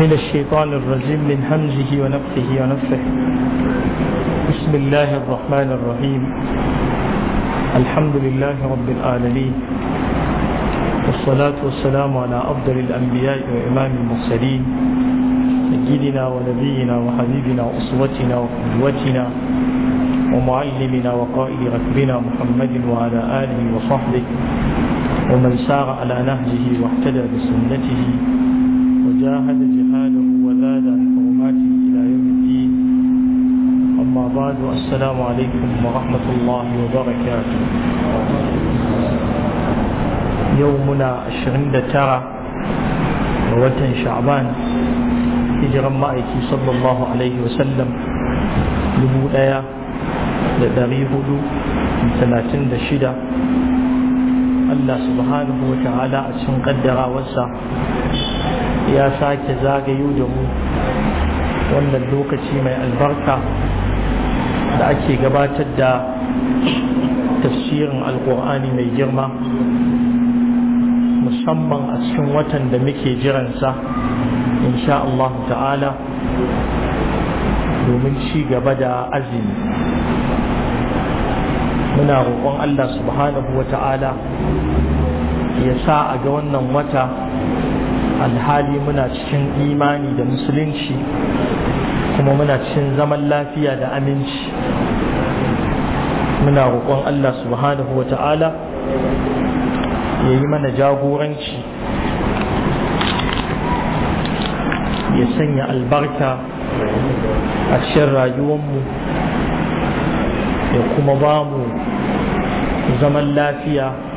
من الشيطان الرجيم من همزه ونفخه ونفخه بسم الله الرحمن الرحيم الحمد لله رب العالمين والصلاة والسلام على أفضل الأنبياء وإمام المرسلين سيدنا ونبينا وحبيبنا وأسوتنا وقدوتنا ومعلمنا وقائد ركبنا محمد وعلى آله وصحبه ومن سار على نهجه واهتدى بسنته وجاهد جهاده وزاد عن حرماته إلى يوم الدين أما بعد السلام عليكم ورحمة الله وبركاته يومنا عشرين ترى ووتن شعبان hijiran ma'aiki sallallahu alaihi wasallam dubu ɗaya da ɗari hudu talatin da shida Allah subhanahu wa ta'ala a cikin ƙaddarawarsa ya sake zagayo da mu wannan lokaci mai albarka da ake gabatar da tafsirin alkur'ani mai girma musamman a cikin watan da muke jiransa insha Allah ta'ala domin ci gaba da azumi muna roƙon Allah subhanahu wa ta'ala ya sa a ga wannan wata alhali muna cikin imani da musulunci kuma muna cikin zaman lafiya da aminci muna roƙon Allah subhanahu wa ta'ala ya yi mana jagoranci ya sanya albarka a cikin rayuwanmu ya kuma ba mu zaman lafiya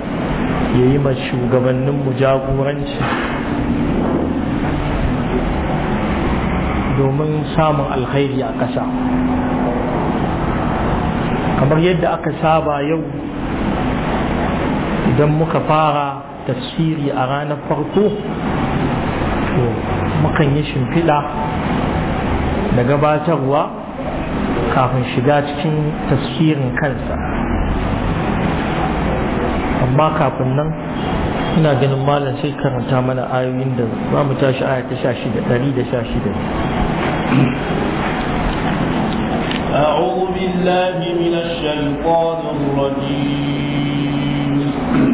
ya yi ma shugabanninmu jagoranci domin samun alkhairi a ƙasa kamar yadda aka saba yau idan muka fara tafsiri a ranar farko to mukan yi shimfiɗa da gabatarwa kafin shiga cikin tafsirin kansa amma kafin nan ina ganin malam sai karanta mana ayoyin da za mu tashi aya ta 16 116 أعوذ بالله من الشيطان الرجيم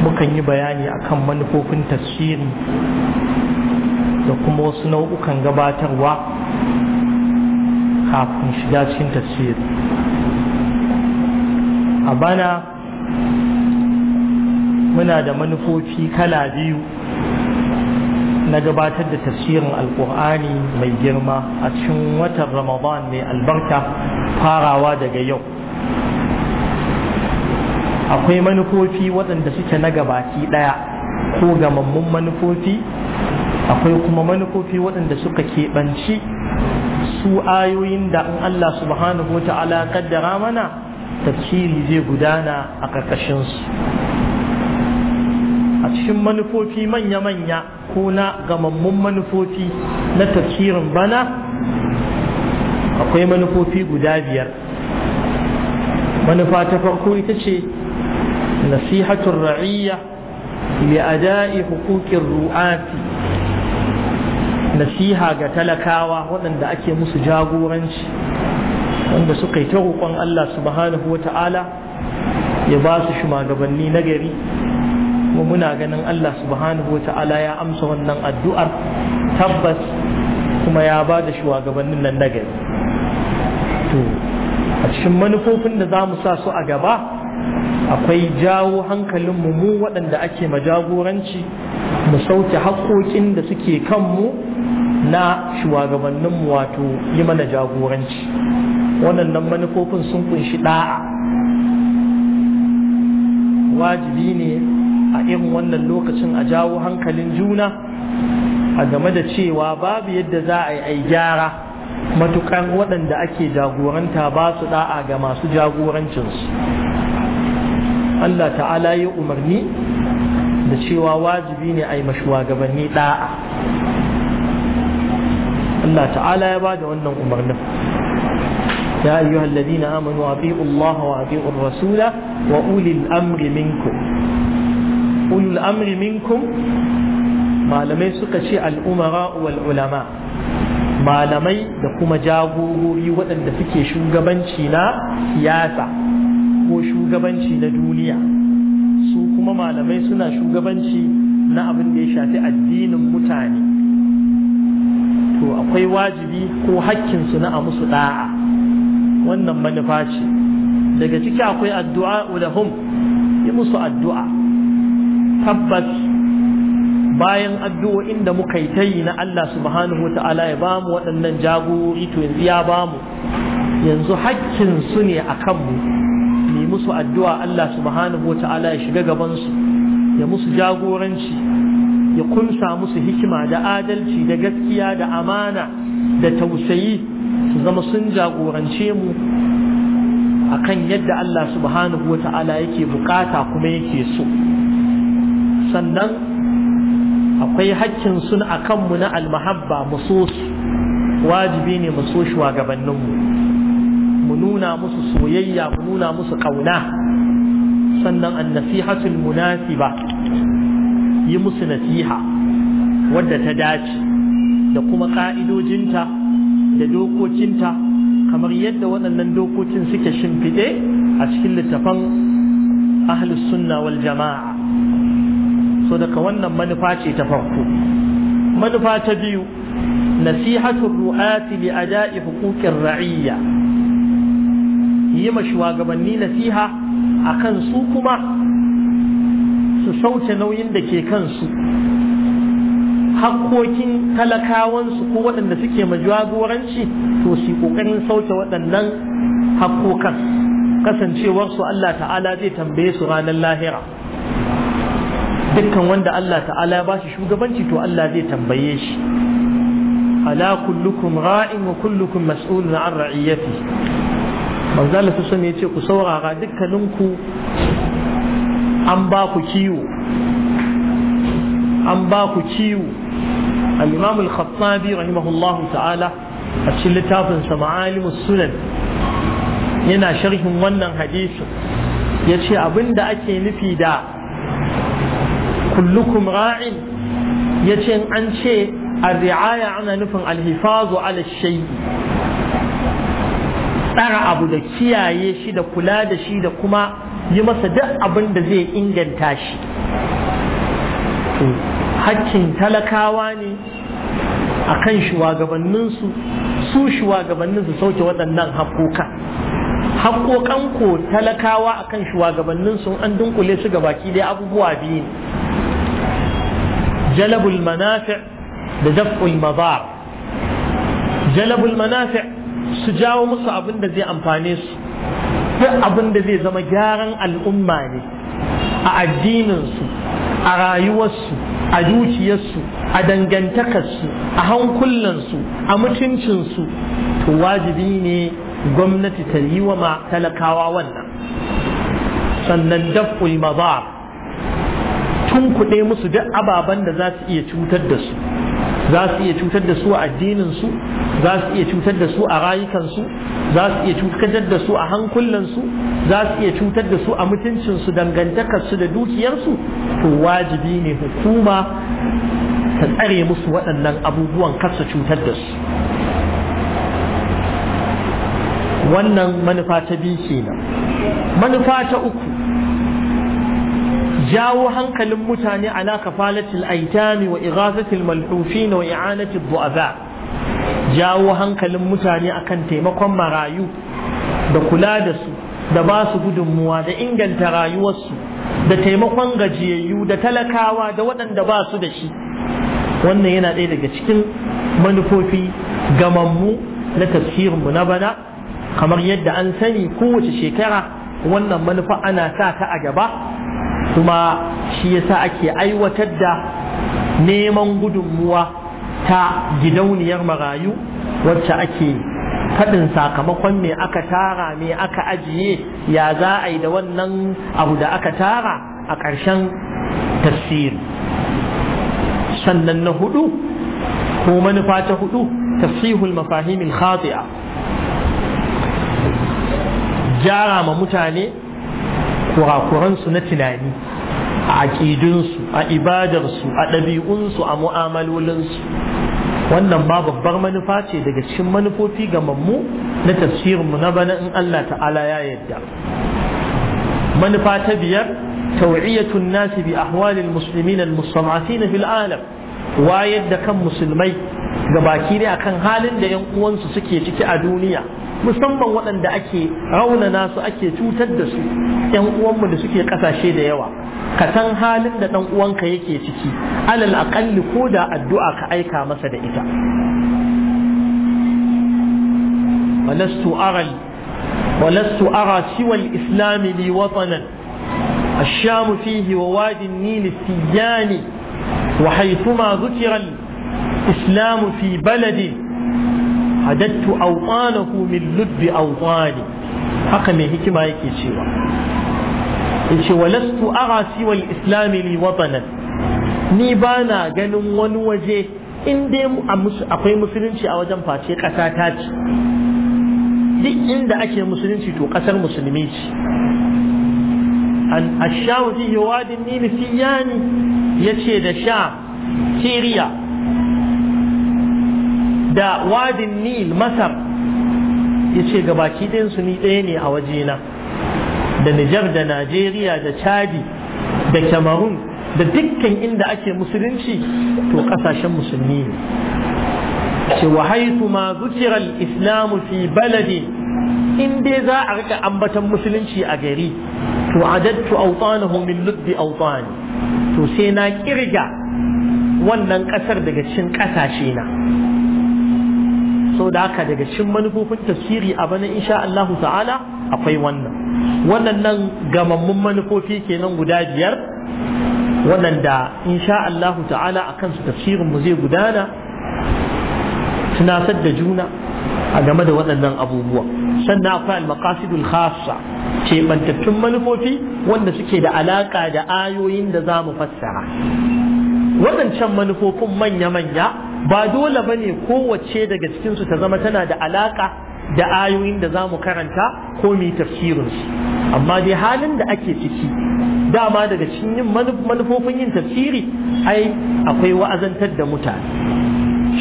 mukan yi bayani akan manufofin tafsiri da kuma wasu nau'ukan gabatarwa kafin shiga cikin tafsiri a bana muna da manufofi kala biyu na gabatar da tafsirin Alƙur'ani mai girma a cikin watan ramadan mai albarka farawa daga yau akwai manufofi waɗanda suke na gabaki ɗaya ko gamammun manufofi akwai kuma manufofi waɗanda suka keɓanci su ayoyin da in Allah subhanahu wa ta'ala kaddara mana tafsiri zai gudana a ƙarƙashinsu a cikin manufofi manya-manya ko na gamammun manufofi na tafsirin bana akwai manufofi guda biyar manufa ta farko ita ce نصيحة الرعية لأداء حقوق الرعاة nasiha ga talakawa waɗanda ake musu jagoranci wanda suka yi ta roƙon Allah subhanahu ta'ala ya ba su shugabanni na gari muna ganin Allah subhanahu ta'ala ya amsa wannan addu'ar tabbas kuma ya ba da shugabannin nan na gari to a cikin manufofin da zamu mu sa su a gaba akwai jawo hankalin mu mu waɗanda ake majagoranci mu sauke haƙoƙin da suke kanmu na shugabanninmu wato yi mana jagoranci waɗannan manufofin sun kunshi ɗa'a wajibi ne a irin wannan lokacin a jawo hankalin juna a game da cewa babu yadda za a yi gyara matukan waɗanda ake jagoranta ba su da'a ga masu jagorancinsu Allah ta'ala yi umarni da cewa wajibi ne a yi mashuwa gabanni ɗa'a Allah ta'ala ya ba da wannan umarnin ya yi halladi na amonu a biyu Allah rasula wa ulil amri minkum ulil amri minkum malamai suka ce al'umara wal ulama malamai da kuma jagorori waɗanda suke shugabanci na siyasa ko shugabanci na duniya su kuma malamai suna shugabanci na abin da ya shafi addinin mutane to akwai wajibi ko hakkin su na a musu da'a wannan manufa ce daga ciki akwai addu'a ulahum yi musu addu'a tabbas bayan addu'o'in da muka yi tayi na Allah subhanahu wa ta'ala ya bamu waɗannan jagorori to yanzu ya bamu yanzu hakkin su ne a kanmu musu addu'a Allah subhanahu wa ta'ala ya shiga gabansu ya musu jagoranci ya kunsa musu hikima da adalci da gaskiya da amana da tausayi su zama sun jagorance mu akan yadda Allah subhanahu wa ta'ala yake bukata kuma yake so sannan akwai hakkin sun a kanmu na almahabba musu wajibi ne mu so shugabanninmu mu nuna musu soyayya mu nuna musu kauna sannan an nasihatul munasiba yi musu nasiha wadda ta dace da kuma ka'idojinta da dokokinta kamar yadda waɗannan dokokin suke shimfiɗe a cikin littafan ahlus sunna wal jama'a so daga wannan manufa ce ta farko manufa ta biyu nasihatul ru'ati li ada'i huquqir ra'iyya yi ma shugabanni nasiha a kan su kuma su sauce nauyin da ke kansu hakkokin talakawansu ko waɗanda suke ma jagoranci to su ƙoƙarin sauce waɗannan hakkokan kasancewarsu Allah ta'ala zai tambaye su ranar lahira dukkan wanda Allah ta'ala ba shi shugabanci to Allah zai tambaye shi ala kullukum ra'in wa kullukum mas'ulun an ra'iyati manzala su sun ce ku saurara dukkaninku an ba ku kiwo an ba ku kiwo al-imam al-khattabi ta'ala a cikin littafin sa sunan yana sharhin wannan hadisin yace abinda ake nufi da kullukum ra'in yace an ce الرعاية ana nufin hifazu ala الشيء tsara abu da kiyaye shi da kula da shi da kuma yi masa duk abin da zai inganta shi hakkin talakawa ne a kan shugabanninsu su shugabannin su sauke waɗannan haƙoƙa haƙoƙan ko talakawa a kan shugabanninsu an dunkule su ga baki dai abubuwa biyu jalabul manafi' da daf'ul madar jalabul manafi' su jawo musu abin da zai amfane su duk abin da zai zama gyaran al'umma ne a addininsu a rayuwarsu a dukiyarsu a dangantakarsu a hankulansu a mutuncinsu to wajibi ne gwamnati ta yi wa talakawa wannan sannan daf'ul mazar tun kuɗe musu duk ababen da za su iya cutar da su za su iya cutar da su a addininsu za su iya cutar da su a rayukansu za su iya cutar da su a hankulansu za su iya cutar da su a mutuncinsu dangantakarsu da dukiyarsu to wajibi ne hukuma ta tsare musu waɗannan abubuwan kasa cutar da su wannan manufa ta biyu kenan manufa ta uku jawo hankalin mutane ala kafalatil aitami wa ighasatil malhufin wa i'anatil du'aza jawo hankalin mutane akan taimakon marayu da kula da su da ba su gudunmuwa da inganta rayuwarsu da taimakon gajiyayyu da talakawa da waɗanda ba su da shi wannan yana ɗaya daga cikin manufofi gamammu na tafsirinmu na bana kamar yadda an sani kowace shekara wannan manufa ana sa ta a gaba kuma shi yasa ake aiwatar da neman gudunmuwa ta gidauniyar marayu wacce ake faɗin sakamakon me aka tara me aka ajiye ya za a yi da wannan abu da aka tara a ƙarshen tafsiri sannan na hudu ko manufa ta hudu tafsihul mafahimin khati'a gyara ma mutane kurakuransu na tunani a aƙidinsu a ibadarsu a ɗabi'unsu a mu'amalolinsu wannan ba babbar manufa ce daga cikin manufofi ga mammu na tafsirinmu na bana in Allah ta'ala ya yadda manufa ta biyar tawiyatun nasi bi ahwalil muslimin al-mustad'afin fil alam wayar da kan musulmai ga baki ne akan halin da yan uwansu suke ciki a duniya musamman waɗanda ake raunana su ake cutar da su ‘yan uwanmu da suke ƙasashe da yawa ka san halin da ɗan uwanka yake ciki alal aƙalli ko da addu'a ka aika masa da ita walastu ciwon walastu ara siwal islami li watanan الشام فيه ووادي النيل السجاني وحيثما ذكر الإسلام hadattu awqanahu min lubbi awqani haka mai hikima yake cewa yace walastu ara siwa al li watanan ni bana ganin wani waje in dai akwai musulunci a wajen face ƙasa ta ce duk inda ake musulunci to ƙasar musulmi ce an ashawu fi yawadin nili ya yace da sha siriya da wadin nil masar ya ce gabaki su ni ɗaya ne a wajena da nijar da najeriya da chadi da cameroon da dukkan inda ake musulunci to ƙasashen musulmi ne ce wa haitu ma zuciyar islamu fi baladi in dai za a rika ambatan musulunci a gari to adattu autanahu min lubbi autani to sai na kirga wannan kasar daga cikin kasashe na so da haka daga cikin manufofin tafsiri a bana insha Allah ta'ala akwai wannan nan gamammun manufofi kenan guda biyar da insha Allah ta'ala a kansu tafsirin mu zai gudana tunasar da juna a game da waɗannan abubuwa sannan akwai al-maqasidul khassa ce bantattun manufofi wanda suke da alaka da ayoyin da za mu fassara waɗancan manufofin manya-manya ba dole bane kowace daga cikinsu ta zama tana da alaƙa da ayoyin da za mu karanta ko mu tafsirin su amma dai halin da ake ciki dama daga cikin manufofin yin tafsiri ai akwai wa'azantar da mutane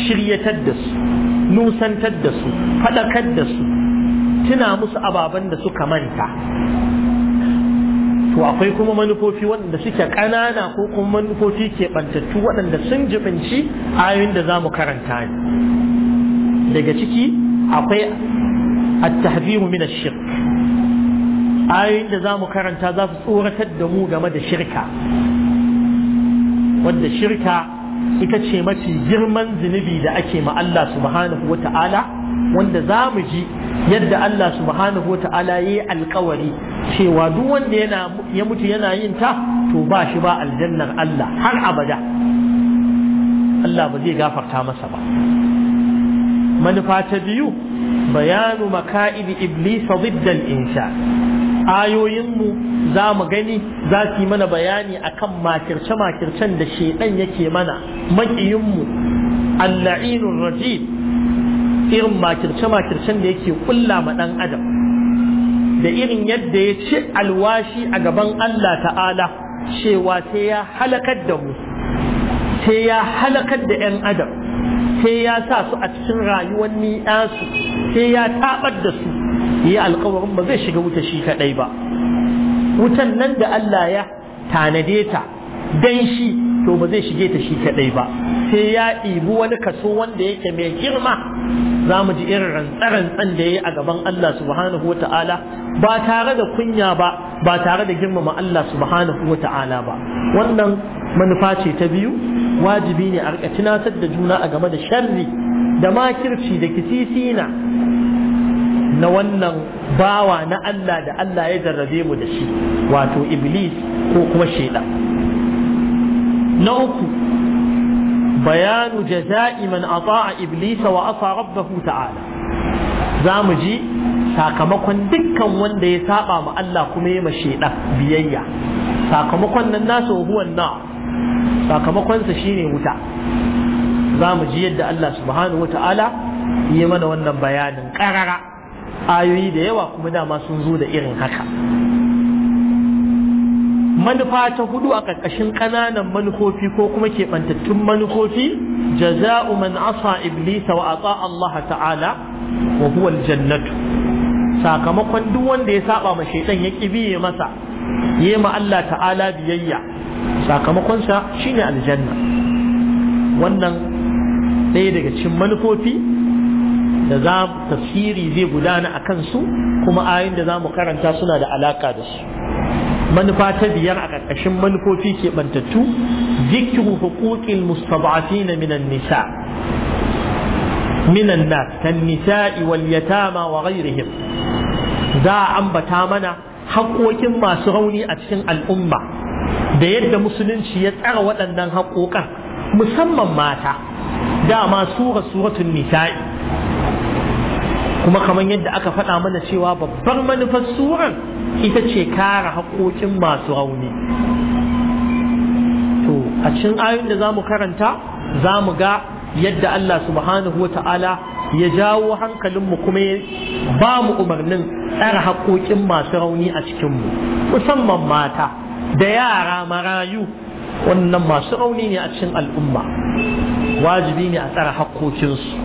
shiryatar da su nusantar da su faɗakar da su tuna musu ababen da suka manta to akwai kuma manufofi waɗanda suke ƙanana ko kuma manufofi ke ɓantattu waɗanda sun jibinci ayoyin da za mu karanta ne daga ciki akwai at-tahziru min ash-shirk ayoyin da za mu karanta za su tsoratar da mu game da shirka wadda shirka ita ce mafi girman zunubi da ake ma Allah subhanahu wa ta'ala wanda za mu ji yadda Allah subhanahu wa ta'ala ya yi alkawari cewa duk wanda ya mutu yana yin ta to ba shi ba aljannar Allah har abada Allah ba zai gafarta masa ba manufa ta biyu bayanu maka'idi iblis ضد insha ayoyinmu za mu gani za su yi mana bayani akan makirce-makircen da shedan yake mana maƙiyinmu alla'inun rajim irin makirce-makircen da yake kulla ma ɗan adam da irin yadda ya ci alwashi a gaban Allah ta'ala cewa sai ya halakar da mu sai ya halakar da 'yan adam sai ya sa su a cikin rayuwar ni'ansu sai ya tabar da su yi alkawarin ba zai shiga wuta shi kaɗai ba wutan nan da Allah ya tanade ta dan shi to ba zai shige ta shi kaɗai ba sai ya ɗibi wani kaso wanda yake mai girma za mu ji irin rantsarantsan da ya yi a gaban Allah subhanahu wa ta'ala ba tare da kunya ba ba tare da girmama Allah subhanahu wa ta'ala ba wannan manufa ce ta biyu wajibi ne a rika tunatar da juna a game da sharri da makirci da kisisina na wannan bawa na Allah da Allah ya jarrabe mu da shi wato iblis ko kuma shaidan na uku bayanu jaza'i man ata'a iblisa wa asa rabbahu ta'ala ji sakamakon dukkan wanda ya saba ma Allah kuma ya mashe biyayya sakamakon nan nasu huwan na sakamakonsa shine wuta zamu ji yadda Allah subhanahu wata'ala yi mana wannan bayanin karara ayoyi da yawa kuma dama sun zo da irin haka manufa ta hudu a ƙarƙashin ƙananan manufofi ko kuma keɓantattun manufofi jaza'u man asa iblisa wa Allah ta'ala wa huwa aljannatu sakamakon duk wanda ya saba ma shaitan ya ya masa yi ma Allah ta'ala biyayya sakamakon sa shine aljanna wannan ɗaya daga cikin manufofi da za tafsiri zai gudana a kansu kuma ayin da za mu karanta suna da alaka da su manufa ta biyar a ƙarƙashin manufofi ke ɓantattu. zikiru huquqil mustad'afina minan nisa minan nas kan yatama wa ambata mana haƙoƙin masu rauni a cikin al'umma da yadda musulunci ya tsara waɗannan haƙoƙan musamman mata dama sura suratun nisa'i kuma kamar yadda aka faɗa mana cewa babbar manufar suran. ita ce kare haƙoƙin masu rauni to a cikin ayoyin da za mu karanta za mu ga yadda Allah subhanahu wata'ala ya jawo hankalinmu kuma ya ba mu umarnin tsara haƙoƙin masu rauni a cikinmu musamman mata da yara marayu wannan masu rauni ne a cikin al'umma wajibi ne a tsara haƙoƙinsu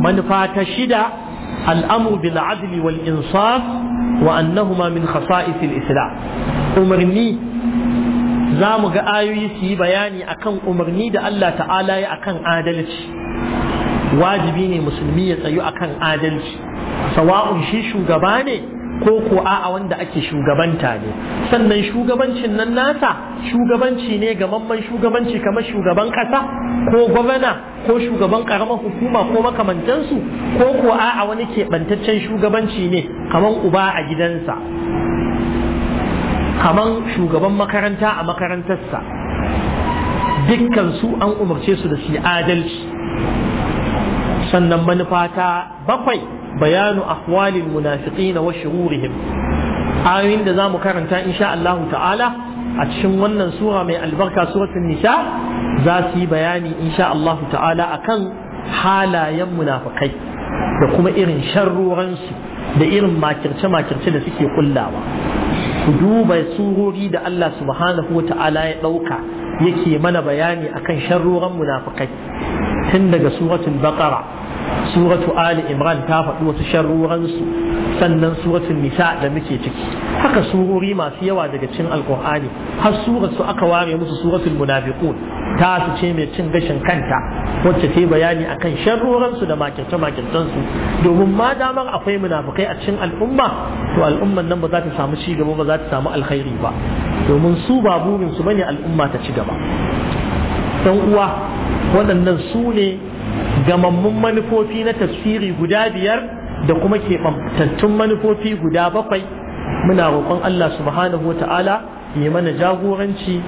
manufa ta shida al'amu bil adli wal insaf wa annahuma min khasa'isil islam umarni za mu ga ayoyi su yi bayani akan umarni da Allah ta'ala ya akan adalci wajibi ne musulmi ya tsayu akan adalci sawa'un shi shugaba ne ko ko a'a wanda ake shugabanta ne sannan shugabancin nan nasa shugabanci ne ga mamman shugabanci kamar shugaban ƙasa ko gwamna ko shugaban karamar hukuma ko makamantansu ko ko a'a wani keɓantaccen shugabanci ne kamar uba a gidansa kamar shugaban makaranta a makarantarsa dukkan su an umarce su da su adalci sannan manufata bakwai bayanu ahwalil munafiqina wa shururihim ayoyin da zamu karanta insha Allah ta'ala a cikin wannan sura mai albarka suratul nisa za su yi bayani insha Allah ta'ala akan halayen munafukai. da kuma irin sharruransu da irin makirce-makirce da suke kullawa ku duba surori da Allah subhanahu ta'ala ya ɗauka yake mana bayani akan sharruran munafukai. tun daga suratun baqara suratu ali imran ta faɗi wasu sharruransu sannan suratun nisa da muke ciki haka surori masu yawa daga cin alkur'ani har suratu aka ware musu suratul munafiqun ta su ce mai cin gashin kanta wacce ta bayani akan sharruransu da makirce makircensu domin ma damar akwai munafikai a cikin al'umma to al'umman nan ba za ta samu ci gaba ba za ta samu alkhairi ba domin su ba burin su bane al'umma ta ci gaba dan uwa waɗannan su ne gamammun manufofi na tafsiri guda biyar da kuma keɓantattun manufofi guda bakwai muna roƙon Allah subhanahu wa ta'ala ya mana jagoranci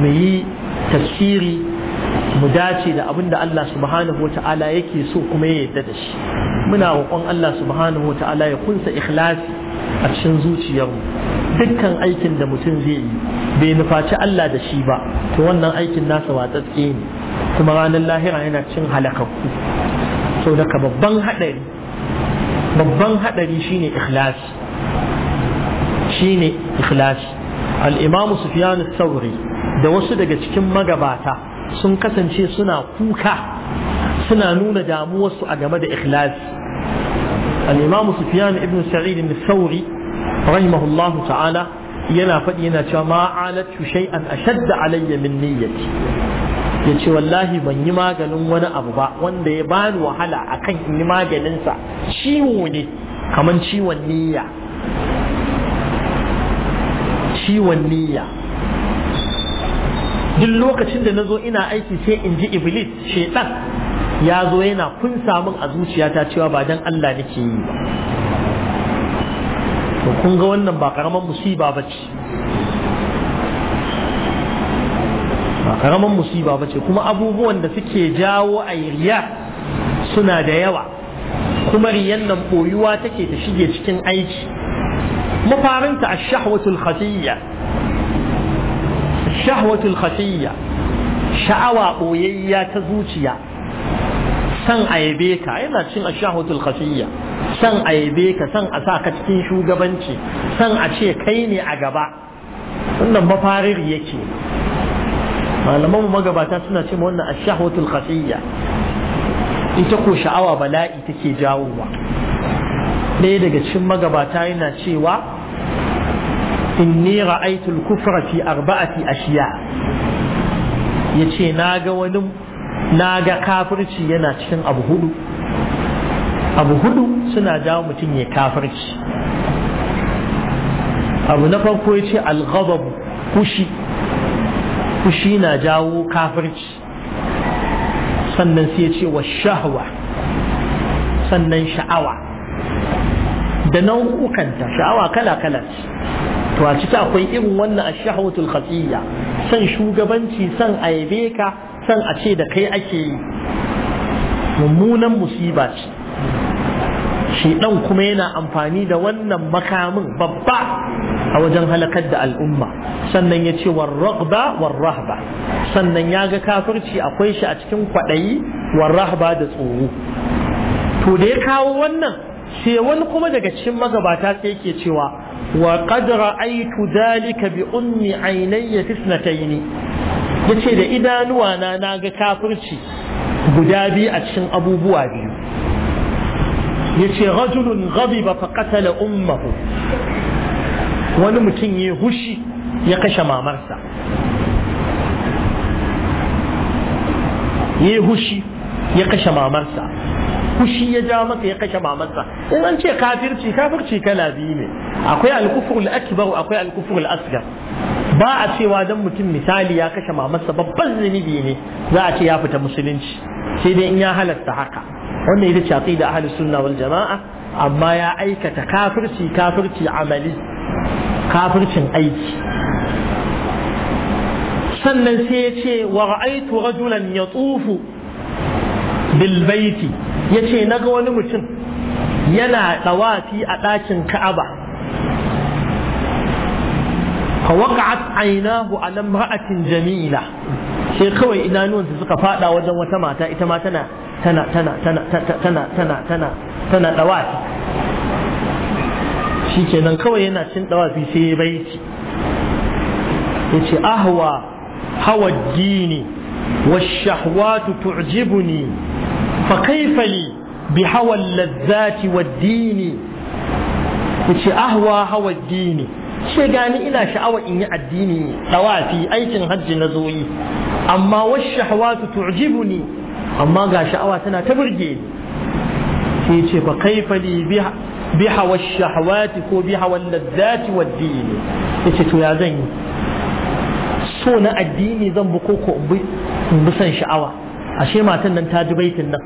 mu yi tafsiri mu dace da abin da Allah subhanahu wa ta'ala yake so kuma ya yarda da shi muna roƙon Allah subhanahu wa ta'ala ya kunsa ikhlasi a cikin zuciyarmu dukkan aikin da mutum zai yi bai nufaci Allah da shi ba to wannan aikin nasa watsatse ne kuma ranar lahira yana cin halakakku sau ka babban haɗari babban haɗari shine ikhlas shine ikhlas al-imamu sufyan thawri da wasu daga cikin magabata sun kasance suna kuka suna nuna damuwarsu a game da ikhlas. al-imamu sufyan ibn sa'id al-thawri rahimahullahu ta'ala yana faɗi yana cewa ma'alatu shay'an ashadda alayya min niyyati ya ce wallahi ban yi maganin wani abu ba wanda ya bani wahala a kan yi maganinsa ciwo ne kamar ciwon niyya ciwon niyya duk lokacin da na zo ina aiki sai in ji iblis shaitan ya zo yana kun samun a zuciyata cewa ba dan Allah nake yi ba to kun ga wannan ba karaman musiba ba ce ba karaman musiba ba ce kuma abubuwan da suke jawo a riya suna da yawa kuma riyan nan boyuwa take ta shige cikin aiki mafarinta a shahwatul khafiyya shahwatul sha'awa boyayya ta zuciya san aibe ka yana cin a shahwatul khafiyya san aibe ka san a sa ka cikin shugabanci san a ce kai ne a gaba wannan mafarir yake malaman mu magabata suna ce wannan ash-shahwatul khafiyya ita ko sha'awa bala'i take jawowa ɗaya daga cikin magabata yana cewa inni ra'aytul kufra fi arba'ati ashiya yace naga wani naga kafirci yana cikin abu hudu abu hudu suna jawo mutum ya kafirci abu na farko yace al-ghadab fushi fushi na jawo kafirci sannan sai ya ce wa shahwa sannan sha'awa da nau'ukanta sha'awa kala-kala to a ciki akwai irin wannan a shahawatul khasiyya san shugabanci san ayyabe ka san a ce da kai ake yi mummunan musiba ce ɗan kuma yana amfani da wannan makamin babba a wajen halakar da al'umma sannan ya ce war ragba sannan ya ga kafirci akwai shi a cikin kwaɗayi war da tsoro to da ya kawo wannan sai wani kuma daga cikin magabata sai yake cewa wa qad ra'aytu dhalika bi ummi aynayya tisnatayn yace da idanuwa na naga kafirci guda biyu a cikin abubuwa biyu yace rajulun ghadiba fa qatala ummahu wani mutum ya hushi ya kashe mamarsa ya hushi ya kashe mamarsa Hushi ya ja maka ya kashe mamarsa in an ce kafirci kafirci kala biyu ne akwai alkufrul akbar akwai alkufrul asgar ba a cewa dan mutum misali ya kashe mamarsa babban zunubi ne za a ce ya fita musulunci sai dai in ya halatta haka wannan ita ce aqida ahlus sunna wal jama'a amma ya aikata kafirci kafirci amali kafircin aiki sannan sai ya ce wa ra'aitu rajulan yatufu bil baiti yace naga wani mutum yana dawafi a ɗakin Ka'aba فوقعت عيناه a lamra'atin جميلة sai kawai idanuwansu suka fada wajen wata mata ita ma tana tana tana tana tana tana tana tana dawafi shikenan kawai yana cin dawafi sai ya baiti yace ahwa hawa dini wa shahwatu fa والشهوات تعجبني فكيف لي بهوى اللذات والدين yace ahwa hawa dini ce gani ina sha'awa in yi addini tawafi aikin hajji na zoyi amma wasu shahawatu tu'jibuni amma ga sha'awa tana ta burge ni sai ce ba kaifa li biha wa shahawati ko biha wa ladzati wa dini ce to ya zan yi so na addini zan bi koko in bi san sha'awa ashe matan nan ta ji baitin nan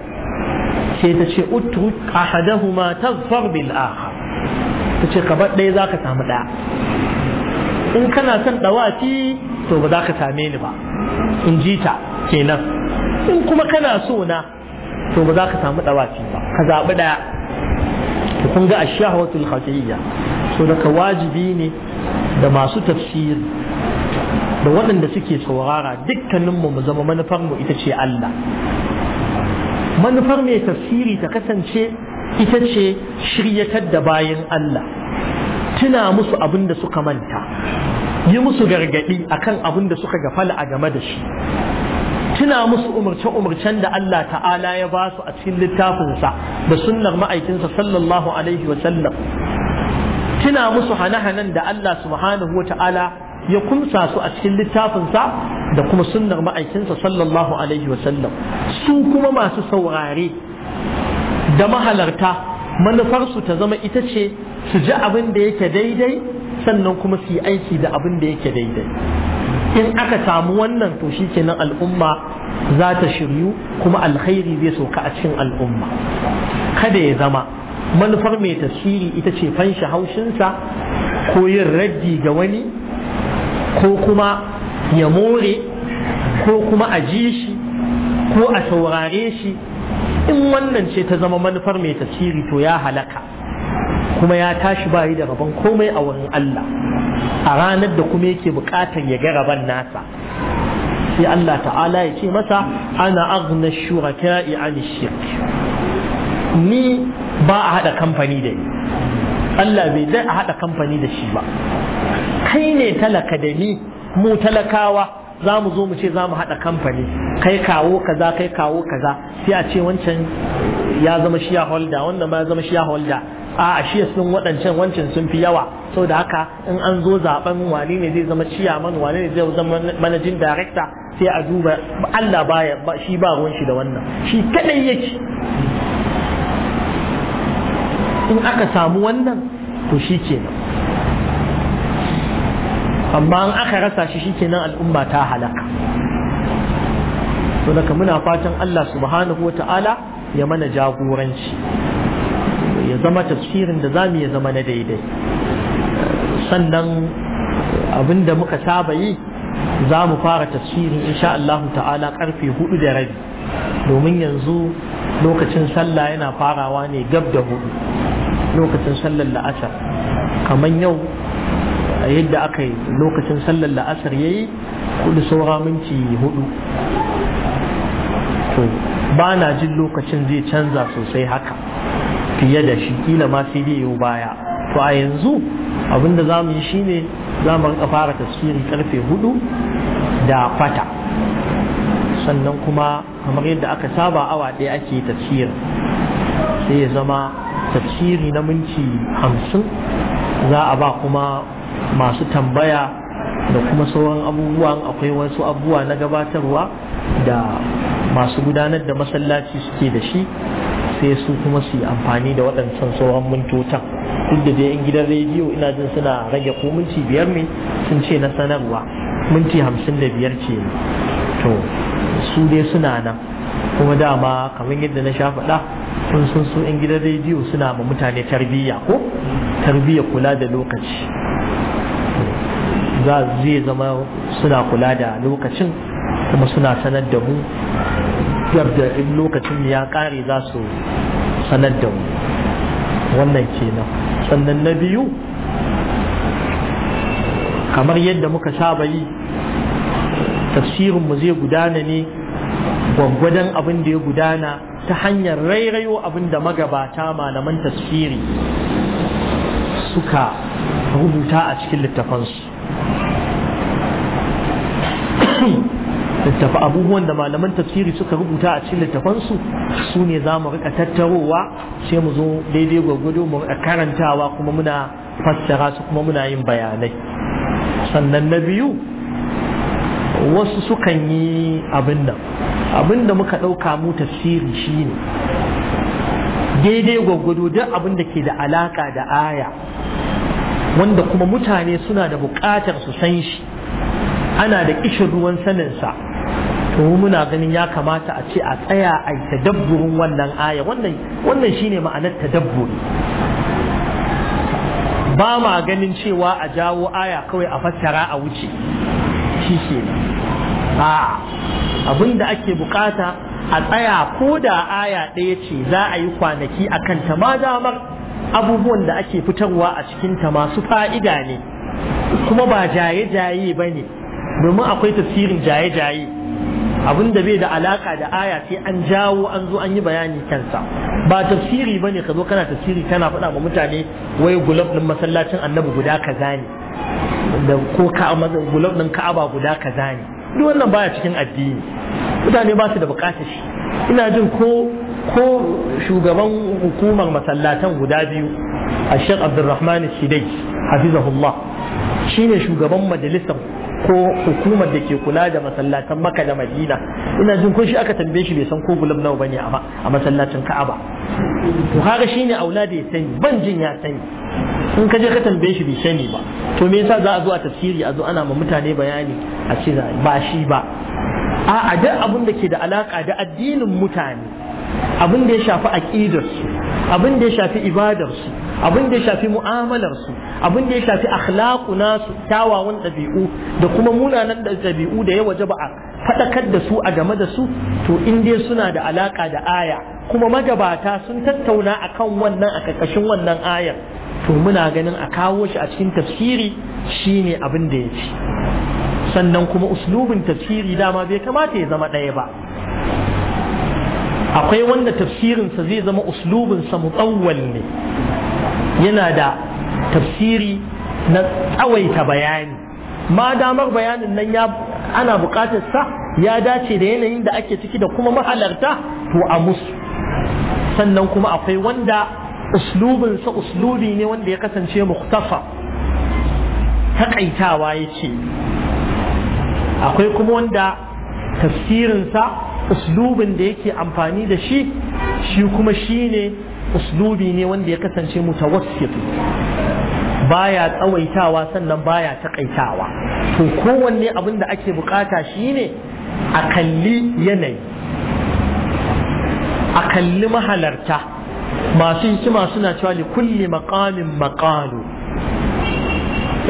sai ta ce utruk ahadahuma tazfar bil akhar ta ce ka bar ɗaya za ka samu ɗaya in kana son ɗawafi to ba za ka same ni ba in ji ta kenan in kuma kana so na to ba za ka samu ɗawafi ba ka zaɓi ɗaya to kun ga ashahawatul khafiyya so daga wajibi ne da masu tafsiri da waɗanda suke saurara dukkaninmu mu zama manufarmu ita ce Allah manufar mai tafsiri ta kasance ita ce shiryatar da bayan Allah tuna musu abin da suka manta yi musu gargaɗi akan abin da suka gafala a game da shi tuna musu umarce-umarcen da Allah ta'ala ya ba su a cikin littafinsa da sunnar ma'aikinsa sallallahu alaihi wa sallam tuna musu hane-hanen da Allah subhanahu wa ta'ala ya kumsa su a cikin littafinsa da kuma sunnar ma'aikinsa sallallahu alaihi wa sallam su kuma masu saurare da mahalarta manufarsu ta zama ita ce su ji abin da yake daidai sannan kuma su yi aiki da abin da yake daidai in aka samu wannan to shi kenan al'umma za ta shiryu kuma alkhairi zai soka a cikin al'umma kada ya zama manufar mai tasiri ita ce fanshi haushinsa ko yin raddi ga wani ko kuma ya more ko kuma a ji shi ko a saurare shi in wannan ce ta zama manufar mai tasiri to ya halaka kuma ya tashi bayi da rabon komai a wurin Allah a ranar da kuma yake bukatar ya ga rabon nasa sai Allah ta'ala ya ce masa ana aghna shuraka'i an shirk ni ba a hada kamfani da ni Allah bai zai a hada kamfani da shi ba kai ne talaka da ni mu talakawa za mu zo mu ce za mu haɗa kamfani kai kawo kaza kai kawo kaza sai a ce wancan ya zama shiya holda wannan ba ya zama shiya holda a shi sun waɗancan wancan sun fi yawa saboda haka in an zo zaben wani ne zai zama man wani ne zai zama manajin darekta sai a duba Allah baya shi ba ruwan shi da wannan shi kadai yake in aka samu wannan to shi kenan amma an aka rasa shi shikenan al'umma ta halaka to daga muna fatan Allah subhanahu wata'ala ya mana jagoranci ya zama tafsirin da zamu ya zama na daidai sannan abinda muka saba yi za mu fara tafsirin insha Allah ta'ala karfe hudu da rabi domin yanzu lokacin sallah yana farawa ne gab da hudu lokacin sallar la'asar kamar yau yadda aka yi lokacin sallar la'asar ya yi kudu saura minti hudu to ba na jin lokacin zai canza sosai haka fiye da shi kila ma sai dai yau baya to a yanzu abinda za mu yi shine za mu fara tasiri karfe hudu da fata sannan kuma kamar yadda aka saba awa ɗaya ake tafsir sai ya zama tafsiri na minti hamsin za a ba kuma masu tambaya da kuma sauran abubuwan akwai wasu abubuwa na gabatarwa da masu gudanar da masallaci suke da shi sai su kuma su yi amfani da waɗancan sauran mintotan duk da dai yan gidan rediyo ina jin suna rage ko minti biyar ne sun ce na sanarwa minti hamsin da biyar ce to su dai suna nan kuma dama kamar yadda na sha faɗa sun sun su in gidan rediyo suna ma mutane tarbiyya ko tarbiyya kula da lokaci za zai zama suna kula da lokacin kuma suna sanar da mu yadda in lokacin ya ƙare za su sanar da mu wannan kenan sannan na biyu kamar yadda muka saba yi mu zai gudana ne gwaggwadon abin da ya gudana ta hanyar rairayo abin da magabata malaman tasfiri suka rubuta a cikin littafansu littafa abubuwan da malaman tafsiri suka rubuta a cikin littafansu su ne za mu rika tattarowa sai mu zo daidai gwaggwado mu rika karantawa kuma muna fassara su kuma muna yin bayanai sannan na biyu wasu sukan yi abin nan abin da muka ɗauka mu tafsiri shi ne daidai gwaggwado duk abin da ke da alaƙa da aya wanda kuma mutane suna da buƙatar su san shi ana da ƙishin ruwan saninsa to muna ganin ya kamata a ce a tsaya a yi tadabburin wannan aya wannan shine ma'anar ta dabburi. ba ma ganin cewa a jawo aya kawai a fassara a wuce shi ke a'a da ake bukata a tsaya ko da aya ɗaya ce za a yi kwanaki a kanta ma damar abubuwan da ake fitarwa a cikin ta masu fa'ida ne kuma ba jaye-jaye ba ne domin akwai tasirin jaye-jaye abin da bai da alaka da aya sai an jawo an zo an yi bayani kansa ba tafsiri ne ka zo kana tafsiri kana faɗa ma mutane wai gulab ɗin masallacin annabi guda kaza ne da ko gulab ɗin ka'aba guda ka zane duk wannan baya cikin addini mutane ba su da bukatar shi ina jin ko ko shugaban hukumar masallatan guda biyu a shek abdulrahman shidai hafizahullah shine shugaban majalisar ko hukumar da ke kula da masallatan maka da madina ina jin ko shi aka tambaye shi bai san ko gulab nawa bane a masallacin ka'aba to kaga shine aula da ya sani ban jin ya sani in ka je ka tambaye shi bai sani ba to me yasa za a zo a tafsiri a zo ana ma mutane bayani a ce ba shi ba a duk abin da ke da alaka da addinin mutane abin da ya shafi su abin da ya shafi ibadarsu abin da ya shafi mu'amalarsu abin da ya shafi akhlaqu nasu kyawawan ɗabi'u da kuma munanan dabi'u da ya waje ba a faɗakar da su a game da su to in dai suna da alaka da aya kuma magabata sun tattauna akan wannan a ƙarƙashin wannan ayar to muna ganin a kawo shi a cikin tafsiri shine abin da ya ci sannan kuma uslubin tafsiri dama bai kamata ya zama ɗaya ba akwai wanda tafsirinsa zai zama uslubinsa mutsawwal ne yana da tafsiri na tsawaita bayani ma damar bayanin nan ya ana bukatar sa ya dace da yanayin da ake ciki da kuma mahalarta to a musu sannan kuma akwai wanda uslubinsa uslubi ne wanda ya kasance muktafa takaitawa ce. akwai kuma wanda tafsirinsa uslubin da yake amfani da shi shi kuma shi ne uslubi ne wanda ya kasance mutawassit baya tsawaitawa sannan baya takaitawa to kowanne abin da ake bukata shine a kalli yanayi a kalli mahalarta masu hikima suna cewa li kulli maqamin maqalu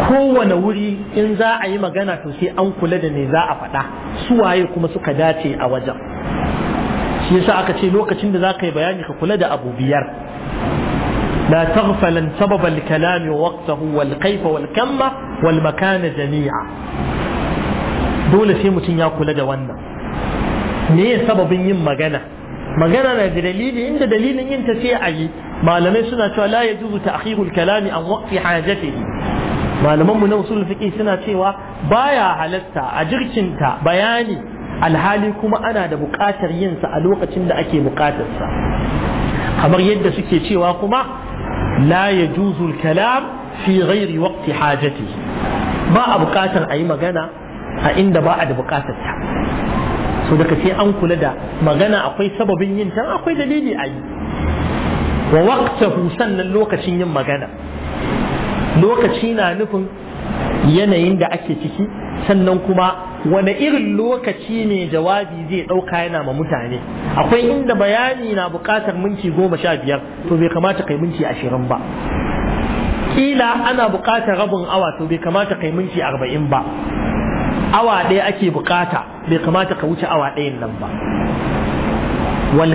kowane wuri in za a yi magana to sai an kula da me za a faɗa su waye kuma suka dace a wajen shi yasa aka ce lokacin da za ka yi bayani ka kula da abu biyar لا تغفلا سبب الكلام ووقته والكيف والكم والمكان jami'a. dole sai mutum ya kula da wannan me sababin yin magana magana na da dalili inda dalilin yin ta sai a yi malamai suna cewa la ta ta'khirul kalami an waqti hajatihi malaman mu na usul fiqh suna cewa baya halatta a jirkinta bayani alhali kuma ana da buƙatar yin sa a lokacin da ake buƙatar sa kamar yadda suke cewa kuma la yajuzu kalam fi ghairi waqti hajatihi ba a buƙatar a yi magana a inda ba a da buƙatar ta so daga sai an kula da magana akwai sababin yin tan akwai dalili a yi wa waqtahu sannan lokacin yin magana lokaci na nufin yanayin da ake ciki sannan kuma wane irin lokaci ne jawabi zai ɗauka yana ma mutane akwai inda bayani na buƙatar minti goma sha biyar to bai kamata kai minti ashirin ba kila ana buƙatar rabin awa to bai kamata kai minti arba'in ba awa ɗaya ake bukata bai kamata ka wuce awa ɗayan nan ba wal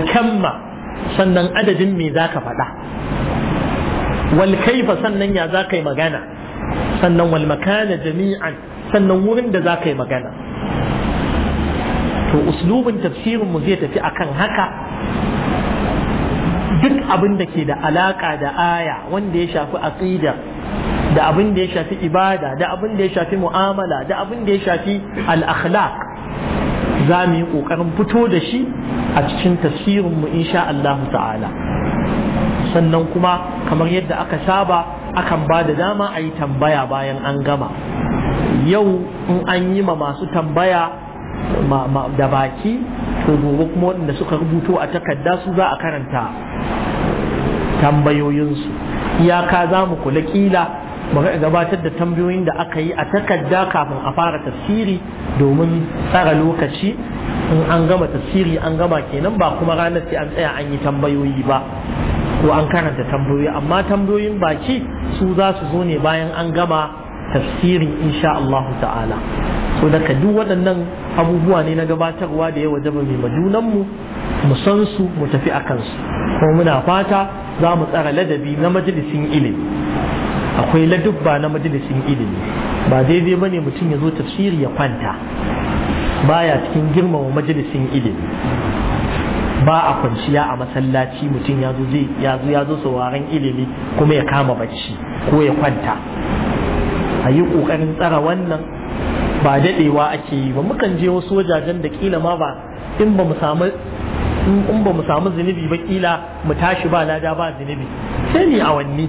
sannan adadin me za ka faɗa wal sannan ya za ka yi magana sannan wal makana jami'an sannan wurin da za ka yi magana to uslubin tafsirin mu zai tafi akan haka duk abin da ke da alaƙa da aya wanda ya shafi aqida da abin da ya shafi ibada da abin da ya shafi mu'amala da abin da ya shafi al'akhlaq za mu yi ƙoƙarin fito da shi a cikin tasirinmu insha Allah ta'ala sannan kuma kamar yadda aka saba akan ba da dama a yi tambaya bayan an gama yau in an yi ma masu tambaya da baki to gobe kuma waɗanda suka rubuto a takarda su za a karanta tambayoyinsu iyaka za mu kula kila bari gabatar da tambayoyin da aka yi a takarda kafin a fara tafsiri domin tsara lokaci in an gama tafsiri an gama kenan ba kuma ranar sai an tsaya an yi tambayoyi ba ko an karanta tambayoyi amma tambayoyin baki su za su zo ne bayan an gama tafsirin insha Allah ta'ala so daga duk waɗannan abubuwa ne na gabatarwa da ya wajaba mai majunanmu mu san su mu tafi a kansu kuma muna fata za mu tsara ladabi na majalisin ilimi akwai ladubba na majalisin ilimi ba daidai ba ne mutum ya zo tafsiri ya kwanta baya cikin girmama majalisin ilimi ba a kwanciya a masallaci mutum ya zo sauraron ilimi kuma ya kama bacci ko ya kwanta a yi ƙoƙarin tsara wannan ba daɗewa ake yi ba mukan je wasu wajajen da ƙila ma ba in ba mu samu in ba mu samu zunubi ba ƙila mu tashi ba lada ba zunubi sai ne awanni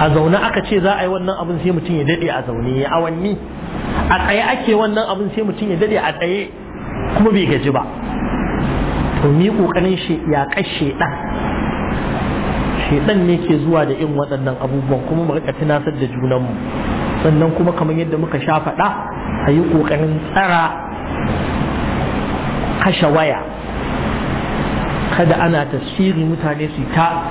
a zaune aka ce za a yi wannan abin sai mutum ya daɗe a zaune ya awanni a tsaye ake wannan abin sai mutum ya daɗe a tsaye kuma bai gaji ba to ni ƙoƙarin shi ya kashe ɗan. shedan ne ke zuwa da irin waɗannan abubuwan kuma mu rika tunasar da junanmu sannan kuma kamar yadda muka sha faɗa a yi ƙoƙarin tsara kashe waya kada ana tasiri mutane su ta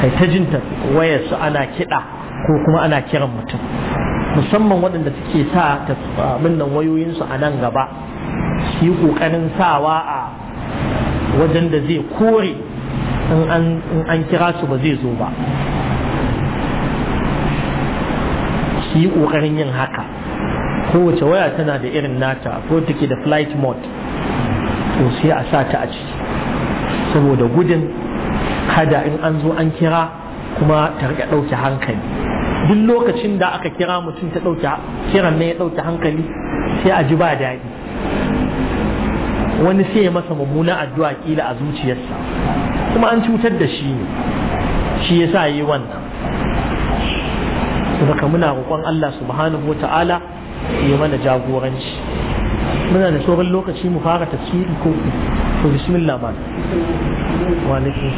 kai ta wayarsu ana kiɗa ko kuma ana kiran mutum musamman waɗanda suke sa abin nan wayoyinsu a nan gaba su yi ƙoƙarin sawa a wajen da zai kore in an kira su ba zai zo ba su yi ƙoƙarin yin haka kowace waya tana da irin nata ko take da flight mode to sai a sa ta a ciki saboda gudun kada in an zo an kira kuma ta rika ɗauke hankali duk lokacin da aka kira mutum ta ɗauke kiran ne ya ɗauke hankali sai a ji ba daɗi wani sai ya masa mummuna addu'a kila a zuciyarsa kuma an cutar da shi ne shi yasa yi wannan saboda muna roƙon Allah subhanahu wa ta'ala ya mana jagoranci muna da sauran lokaci mu fara tafsiri ko to bismillah ma wa alaikum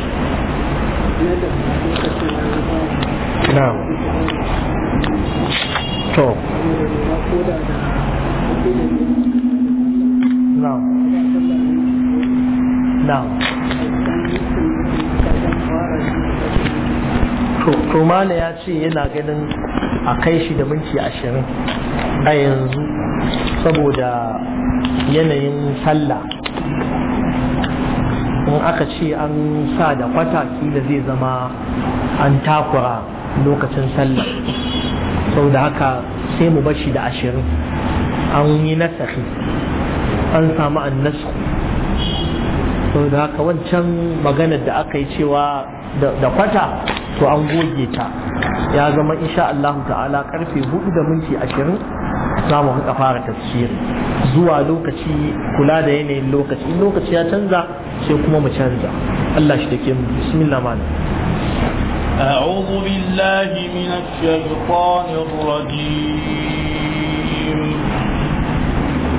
na'am to na'am na'am ya ce yana ganin a kai shi da minti ashirin a yanzu saboda yanayin sallah in aka ce an sa da kwata kila zai zama an takura lokacin sallah sau da haka sai mu bashi da ashirin an yi nasahi an samu an sau da haka wancan maganar da aka yi cewa da kwata to an goge ta ya zama insha Allah ta'ala karfe hudu da minti ashirin za mu rika fara tafsiri zuwa lokaci kula da yanayin lokaci in lokaci ya canza sai kuma mu canza Allah shi da ke mu bismillah na a'udhu billahi minash shaytanir rajim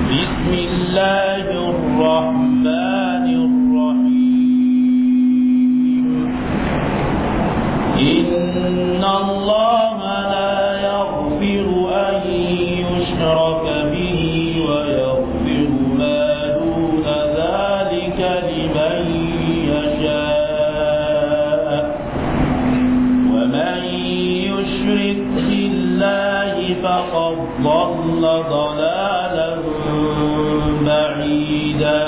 بسم الله الرحمن الرحيم إن الله لا يغفر أن يشرك به ويغفر ما دون ذلك لمن يشاء ومن يشرك بالله فقد ضل ضلالا بعيدا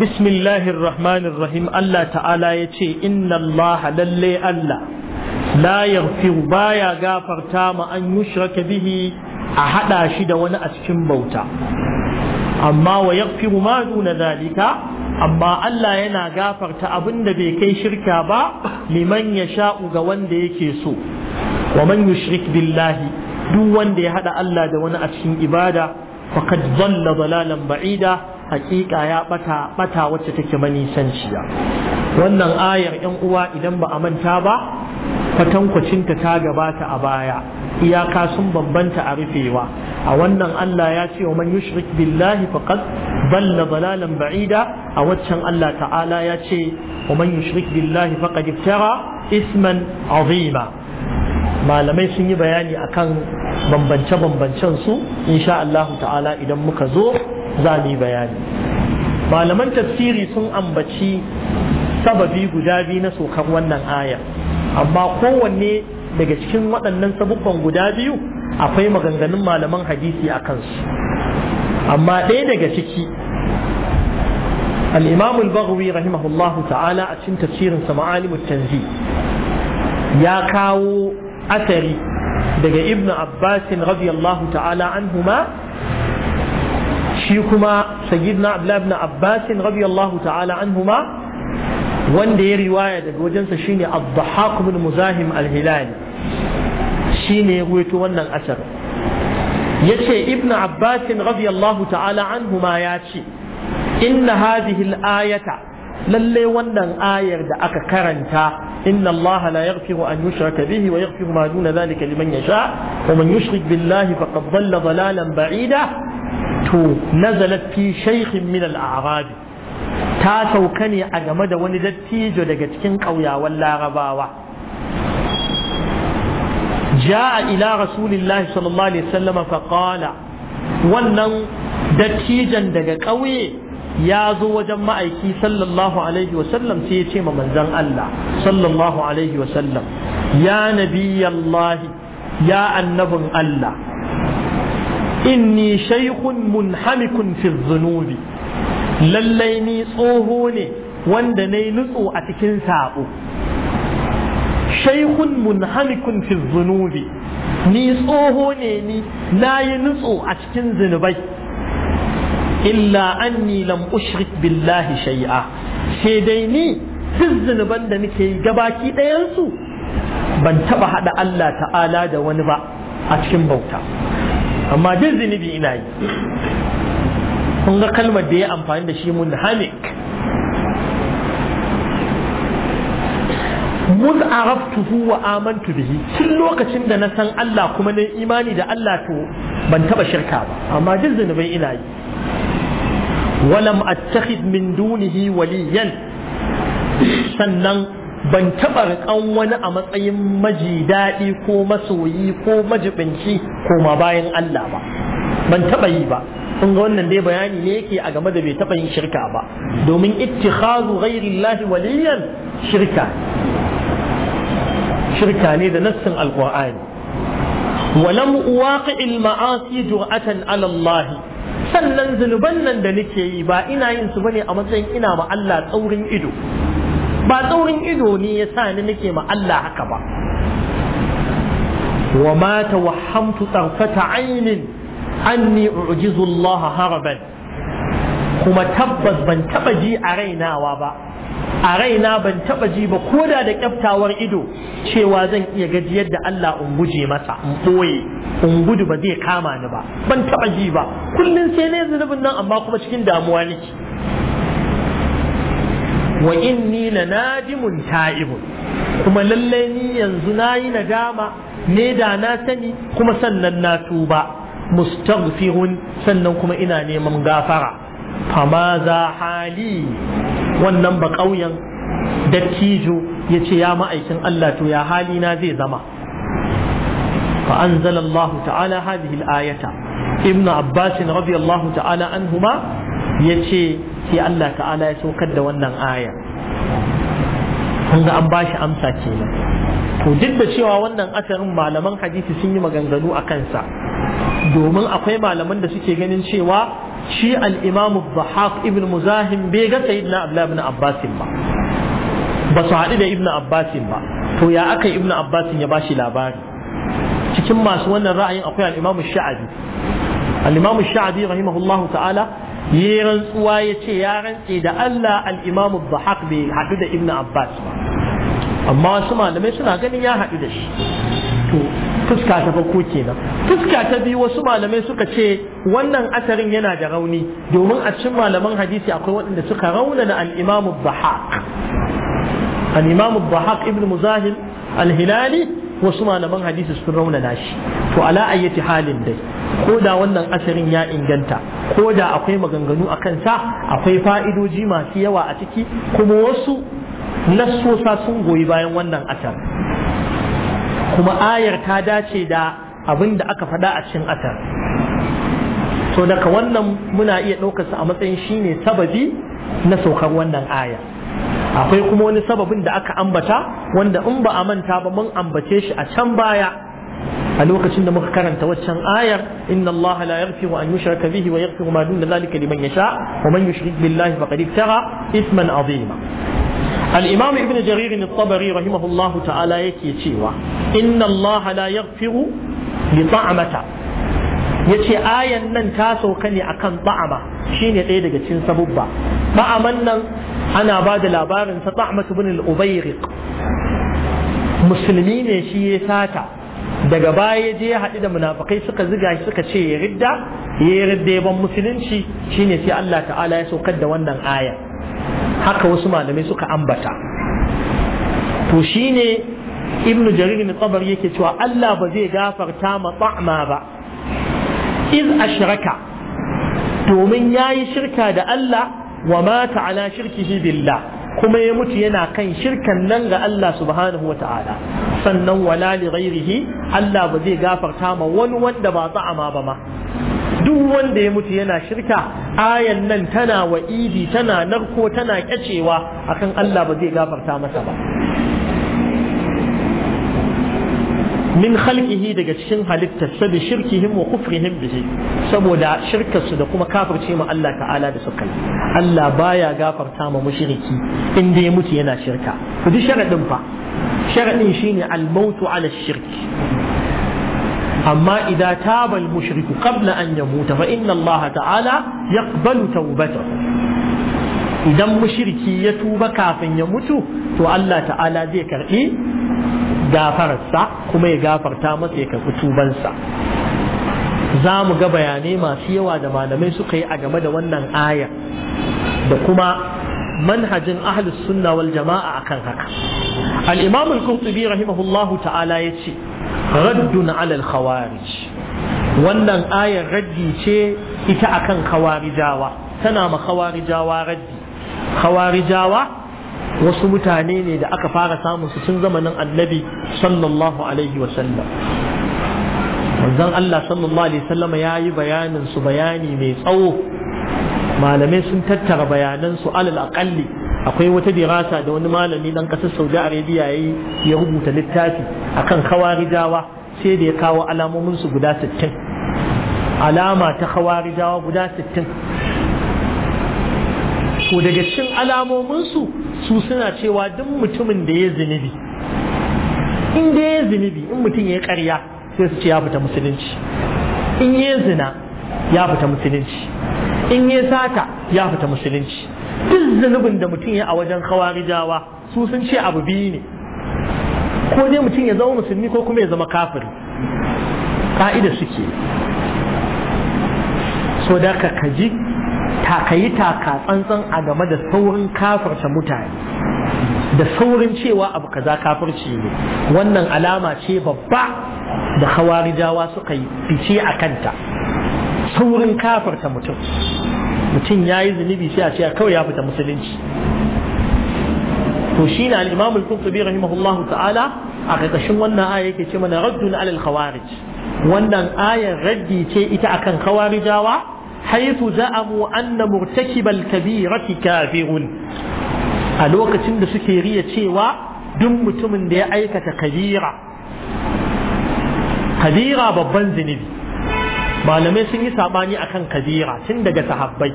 بسم الله الرحمن الرحيم الله تعالى يتي إن الله للي الله la yaghfiru baya gafarta ma an yushraka bihi a hada shi da wani a cikin bauta amma wa yaghfiru ma duna zalika amma Allah yana gafarta abinda bai kai shirka ba liman sha'u ga wanda yake so wa man yushrik billahi duk wanda ya hada Allah da wani a cikin ibada faqad dhalla dalalan ba'ida hakika ya bata bata wacce take manisanciya wannan ayar yan uwa idan ba a manta ba kwatankwacinta ta gabata a baya iyaka sun bambanta a rufewa a wannan Allah ya ce wa man yushrik billahi faqad Balla balalan ba'ida a waccan Allah ta'ala ya ce wa man yushrik billahi faqad iftara isman azima malamai sun yi bayani akan bambance-bambancen su insha Allah ta'ala idan muka zo za mu yi bayani malaman tafsiri sun ambaci sababi guda biyu na sokar wannan ayar amma kowanne daga cikin waɗannan sabukan guda biyu akwai maganganun malaman hadisi a kansu amma ɗaya daga ciki al’imam al-baghawi rahimahullah ta’ala a cin tafsirin sama’ali mutanzi ya kawo asari daga ibn abbasin radiyallahu ta’ala an huma shi kuma sayyidna abla ibn abbasin radiyallahu ta’ala an huma wanda ya riwaya daga wajensa shine Abdahaq bin Muzahim al-Hilali shine ya ruwaito wannan asar yace ibnu Abbas radiyallahu ta'ala anhuma ya ce inna hadhihi al-ayata lalle wannan ayar da aka karanta inna Allah la yaghfiru an yushraka bihi wa yaghfiru ma duna dhalika liman yasha wa man yushrik billahi faqad dhalla dhalalan ba'ida to nazalat fi shaykhin min al-a'rabi ta sauka ne a game da wani dattijo daga cikin ƙauyawan larabawa Ja a ila rasulillah sallallahu alaihi wasallam fa qala wannan dattijan daga ƙauye ya zo wajen ma'aiki sallallahu alaihi wasallam sai ya ce ma manzan Allah sallallahu alaihi wasallam ya nabiyallahi ya annabin Allah inni shaykhun munhamikun fi dhunubi lallai ni tsoho ne wanda na yi nutso a cikin saɓo shaikun munhamikun fi zunubi ni tsoho ne ni na yi nutso a cikin zunubai illa anni lam ushrik billahi shay'a sai dai ni duk zunuban da nake yi gabaki ɗayansu ban taɓa haɗa Allah ta'ala da wani ba a cikin bauta amma duk zunubi ina yi kun ga kalmar da ya amfani da shi munhamik muz araftuhu wa amantu bihi tun lokacin da na san Allah kuma na imani da Allah to ban taba shirka ba amma duk zunubai ina yi walam attakhid min dunihi waliyan sannan ban taba rikan wani a matsayin maji daɗi ko masoyi ko majibinci ko ma bayan Allah ba ban taba yi ba kun ga wannan dai bayani ne yake a game da bai taɓa yin shirka ba domin ittikhazu ghairillahi waliyan shirka shirka ne da nassin alqur'ani ولم أواقع المعاصي جرأة على الله sannan zunuban nan da nake yi ba ina yin su bane a matsayin ina ma Allah tsaurin ido ba tsaurin ido ne ya sa ni nake ma Allah haka ba wa ma tawahhamtu tsarfata ainin. anni u'jizu haraban kuma tabbas ban taba ji a rainawa ba a raina ban taba ji ba koda da kyaftawar ido cewa zan iya gajiyar da Allah in guje masa in boye in gudu ba zai kama ni ba ban taba ji ba kullun sai ne zunubin nan amma kuma cikin damuwa nake wa inni lanadimun ta'ibun kuma lallai ni yanzu nayi nadama ne da na sani kuma sannan na tuba mustaghfirun sannan kuma ina neman gafara fama za hali wannan ba dattijo ya ce ya ma'aikin Allah to ya hali na zai zama fa anzalallahu ta'ala hadhihi al-ayata ibnu abbas radiyallahu ta'ala anhuma yace sai Allah ta'ala ya saukar da wannan aya kun ga an bashi amsa kenan to duk da cewa wannan asarin malaman hadisi sun yi maganganu a kansa domin akwai malaman da suke ganin cewa shi al-imam ibn muzahim bai ga na Abdullahi ibn abbas ba ba su haɗu da ibn abbas ba to ya aka ibn abbas ya bashi labari cikin masu wannan ra'ayin akwai al-imam sha'abi al rahimahullahu ta'ala yi rantsuwa ya ce ya rantse da Allah alimamu imam bai haɗu da ibn abbas ba amma wasu malamai suna ganin ya haɗu da shi to fuska ta farko kenan fuska ta biyu wasu malamai suka ce wannan asarin yana da rauni domin a cikin malaman hadisi akwai waɗanda suka raunana na Bahak, bahaq al'imamu bahaq ibn muzahil al-hilali wasu malaman hadisi sun raunana shi to ala ayyati halin dai ko da wannan asarin ya inganta ko da akwai maganganu a kansa akwai fa'idoji masu yawa a ciki kuma wasu nassosa sun goyi bayan wannan atar kuma ayar ta dace da abin da aka faɗa a cikin atar to daga wannan muna iya ɗaukarsa a matsayin shine sababi na saukar wannan aya akwai kuma wani sababin da aka ambata wanda in ba a manta ba mun ambace shi a can baya a lokacin da muka karanta waccan ayar inna Allah la yaghfiru an yushraka bihi wa yaghfiru ma dhalika liman yasha wa man yushrik billahi faqad iftara isman azima الإمام ابن جرير الطبري رحمه الله تعالى يكي تيوى إن الله لا يغفر لطعمة yace ayan nan ta sauka ne akan ba'ama shine ɗaya daga cikin sabubba ba'aman nan ana ba da labarin sa ta'matu bin al musulmi ne shi ya sata daga baya je ya haɗu da munafikai suka ziga shi suka ce ya ridda ya ridda ya ban musulunci shine sai Allah ta'ala ya saukar da wannan aya. haka wasu malamai suka ambata to shine ibn jarir ne tsabar yake cewa Allah ba zai gafarta ma ta'ma ba iz ashraka domin yayi shirka da Allah wa mata ala shirkihi billah kuma ya mutu yana kan shirkan nan ga Allah subhanahu wa ta'ala sannan wala li ghairihi Allah ba zai gafarta ma wani wanda ba ma ba ma duk wanda ya mutu yana shirka ayan nan tana wa'idi tana narko tana kyacewa akan Allah ba zai gafarta masa ba min khalqihi daga cikin halittarsa bi shirkihim wa kufrihim bihi saboda shirkarsu da kuma kafirce ma Allah ta'ala da suka Allah baya gafarta ma mushriki in dai mutu yana shirka ku ji sharadin fa sharadin shine al-mautu ala shirk amma idza taba al-mushriku qabla an yamuta fa inna Allah ta'ala yaqbalu tawbatahu idan mushriki ya tuba kafin ya mutu to Allah ta'ala zai karɓi gafararsa kuma ya gafarta masa ya karɓi tubansa za mu ga bayanai masu yawa da malamai suka yi a game da wannan aya da kuma manhajin ahlus sunna wal jama'a akan haka al-imam al-qurtubi rahimahullahu ta'ala yace raddun ala al-khawarij wannan ayar raddi ce ita akan khawarijawa tana ma khawarijawa raddi khawarijawa wasu mutane ne da aka fara samun su tun zamanin annabi sallallahu alaihi wasallam manzon Allah sallallahu alaihi wasallam ya yi bayanin su bayani mai tsawo malamai sun tattara bayanan su alal aqalli akwai wata dirasa da wani malami dan kasar Saudi Arabia yayi ya rubuta littafi akan khawarijawa sai da ya kawo alamomin su guda 60 alama ta khawarijawa guda 60 ko daga cikin alamomin su su suna cewa duk mutumin da ya zunubi in da ya zunubi in mutum ya karya sai su ce ya fita musulunci in ya zina ya fita musulunci in ya sata ya fita musulunci duk zunubin da mutum ya a wajen khawarijawa su sun ce abu biyu ne ko dai mutum ya zama musulmi ko kuma ya zama kafiri ka'ida suke so da ka kaji takayi taka tsantsan a game da saurin kafarta mutane da saurin cewa abu kaza kafirci ne wannan alama ce babba da hawarijawa suka yi fice a kanta saurin kafarta mutum mutum ya yi zunubi sai a ce kawai ya fita musulunci to shi na al'imam al rahimahullahu ta'ala a ƙarƙashin wannan aya yake ce mana raddun alal khawarij wannan ayar raddi ce ita akan khawarijawa haifu za'amu anna murtakibal kabirati kafirun a lokacin da suke riya cewa duk mutumin da ya aikata kabira kabira babban zunubi malamai sun yi a kan kabira tun daga sahabbai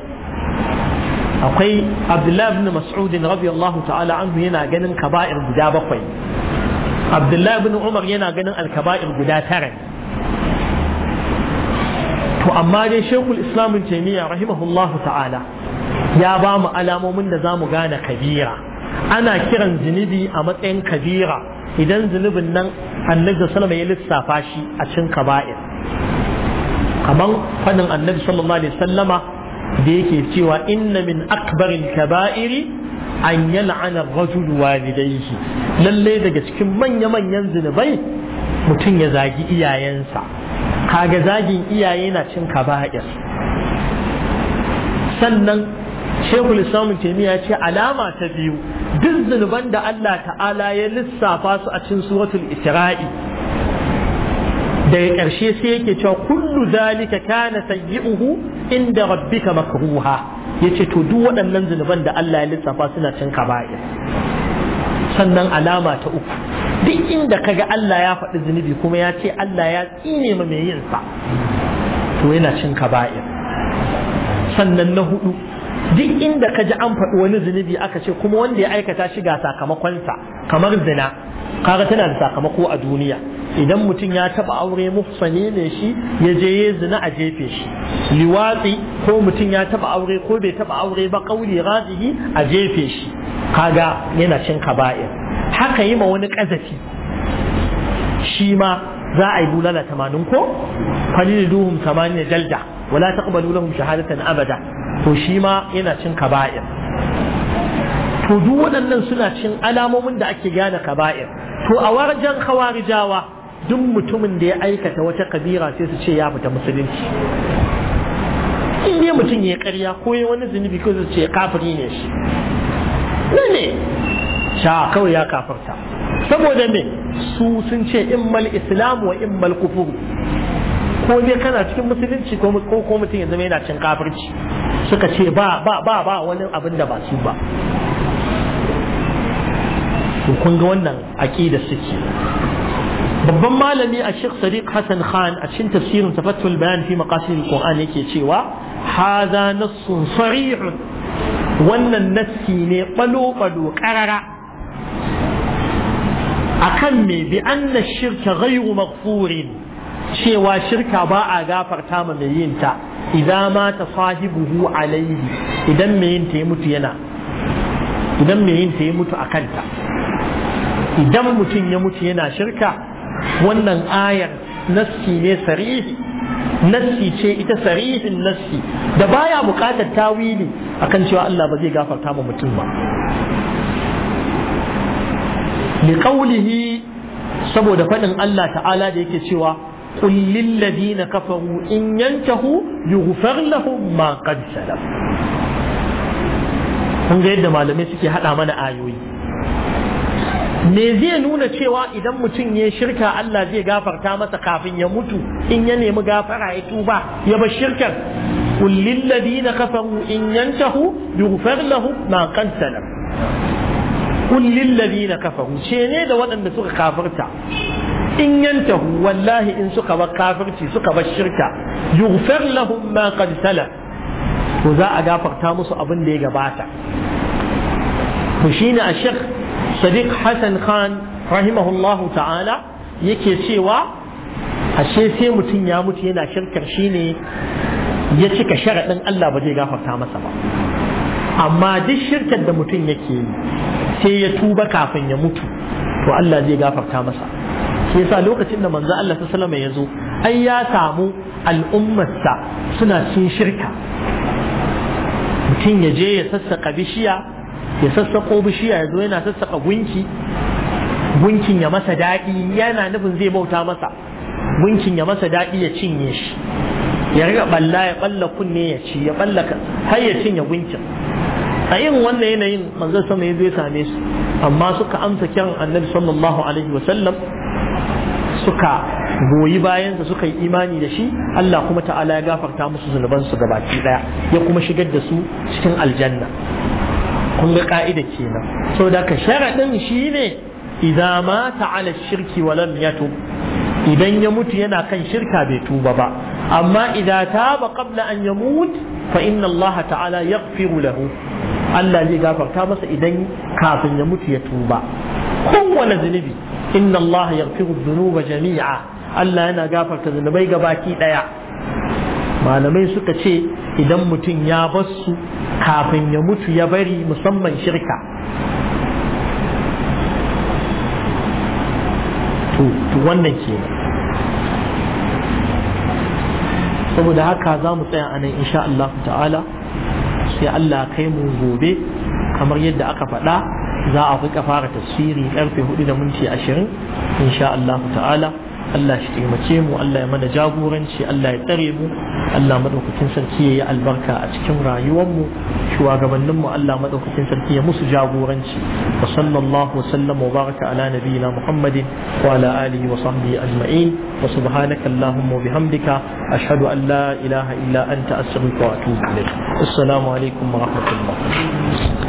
akwai abdullahi ibn mas'udin radiyallahu ta'ala anhu yana ganin kaba'ir guda bakwai abdullahi ibn umar yana ganin alkaba'ir guda tara to amma dai shekul islamun taimiyya rahimahullahu ta'ala ya ba mu alamomin da za mu gane kabira ana kiran zunubi a matsayin kabira idan zunubin nan annabi salama ya lissafa shi a cin kaba'ir kamar fadin annabi sallallahu alaihi sallama da yake cewa inna min akbarin kaba'iri an yal'ana rajul walidayhi lalle daga cikin manya-manyan zunubai mutum ya zagi iyayensa kaga zagin iyaye na cin kaba'ir sannan shekul islamun taimiyya ce alama ta biyu duk zunuban da Allah ta'ala ya lissafa su a cin suratul isra'i daga ƙarshe sai yake cewa kullu zalika kana sayyi'uhu inda rabbika makruha yace to duk waɗannan zunuban da Allah ya lissafa suna cin kaba'ir sannan alama ta uku duk inda kaga Allah ya faɗi zunubi kuma ya ce Allah ya tsine ma mai yin sa to yana cin kaba'ir sannan na hudu duk inda ka ji an faɗi wani zunubi aka ce kuma wanda ya aikata shi ga sakamakonsa kamar zina kaga tana da sakamako a duniya idan mutum ya taba aure mufsani ne shi ya je ya zina a jefe shi liwatsi ko mutum ya taba aure ko bai taba aure ba kauli razihi a jefe shi kaga yana cin kaba'ir haka yi ma wani ƙazafi shi ma za a yi bulala tamanin ko Duhun tamanin jalda wala taqbalu lahum shahadatan abada to shi ma yana cin kaba'ir to duk waɗannan suna cin alamomin da ake gane kaba'ir to a wajen khawarijawa duk mutumin da ya aikata wata kabira sai su ce ya fita musulunci in dai mutum ya karya ko ya wani zunubi ko su ce kafiri ne shi ne sha kawai ya kafarta saboda me su sun ce immal islam wa immal kufur ko dai kana cikin musulunci ko ko mutum ya zama yana cin kafirci suka ce ba ba ba ba wani abin da ba su ba to kun ga wannan aqida suke babban malami a Sheikh Sadiq Hassan Khan a cikin tafsirin Tafattul Bayan fi Maqasid al-Qur'an yake cewa hadha nassun sarih wannan nassi ne ɓalo balo ƙarara. akan me bi anna shirka ghayru maghfurin cewa shirka ba a gafarta ma mai yin ta idan ma ta sahibuhu alaihi idan mai yin ta ya mutu yana idan mai yin ta ya mutu a kanta idan mutum ya mutu yana shirka wannan ayar nassi ne sarihi nassi ce ita sarihin nassi da baya bukatar tawili akan cewa Allah ba zai gafarta ma mutum ba liqaulihi saboda faɗin Allah ta'ala da yake cewa qul lil ladina kafaru in yantahu yughfar lahum ma kun ga yadda malamai suke haɗa mana ayoyi me zai nuna cewa idan mutum ya shirka Allah zai gafarta masa kafin ya mutu in ya nemi gafara ya tuba ya bar shirkar Kullin lil ladina kafaru in yantahu yughfar lahum ma qad salaf kullin na kafaru ce ne da waɗanda suka kafirta in yantahu wallahi in suka bar kafirci suka bar shirka yughfar lahum ma qad to za a gafarta musu abin da ya gabata to shine a Sheikh Sadiq Hassan Khan rahimahullahu ta'ala yake cewa ashe sai mutum ya mutu yana shirkar shine ya cika sharaɗin Allah ba zai gafarta masa ba amma duk shirkar da mutum yake yi sai ya tuba kafin ya mutu to Allah zai gafarta masa shi yasa lokacin da manzo Allah ta sallama ya zo ai ya samu al'ummarsa suna cin shirka mutum ya je ya sassaka bishiya ya sassako bishiya ya zo yana sassaka gunki gunkin ya masa daɗi yana nufin zai bauta masa gunkin ya masa daɗi ya cinye shi ya riga balla ya balla kunne ya ci ya balla har ya cinye gunkin a yin wannan yanayin manzon sama ya zo ya same su amma suka amsa kiran annabi sallallahu alaihi wa sallam suka goyi bayansa suka yi imani da shi Allah kuma ta'ala ya gafarta musu zunubansu gabaki daya ya kuma shigar da su cikin aljanna kun ga ka'ida kenan so da ka sharadin shine idan mata ala shirki wa lam yatub idan ya mutu yana kan shirka bai tuba ba amma idan taba qabla an yamut fa inna Allah ta'ala yaghfiru lahu Allah zai gafarta masa idan kafin ya mutu ya tuba kowane zunubi inna Allah yaghfiru dhunuba jami'a Allah yana gafarta zunubai gabaki daya malamai suka ce idan mutum ya basu kafin ya mutu ya bari musamman shirka to wannan ke saboda haka za mu tsaya a nan insha Allah ta'ala sai Allah kai mu gobe kamar yadda aka faɗa za a fi fara tafsiri karfe 4 da minti 20 insha Allah ta'ala Allah shi taimake mu Allah ya mana jagoranci Allah ya tsare mu Allah madaukakin sarki ya yi albarka a cikin rayuwar mu shugabannin mu Allah madaukakin sarki ya musu jagoranci wa sallallahu wa sallam wa baraka ala nabiyina Muhammadin wa ala alihi wa sahbihi ajma'in wa subhanaka allahumma wa bihamdika ashhadu an la ilaha illa anta astaghfiruka wa atubu ilayk assalamu alaikum wa rahmatullah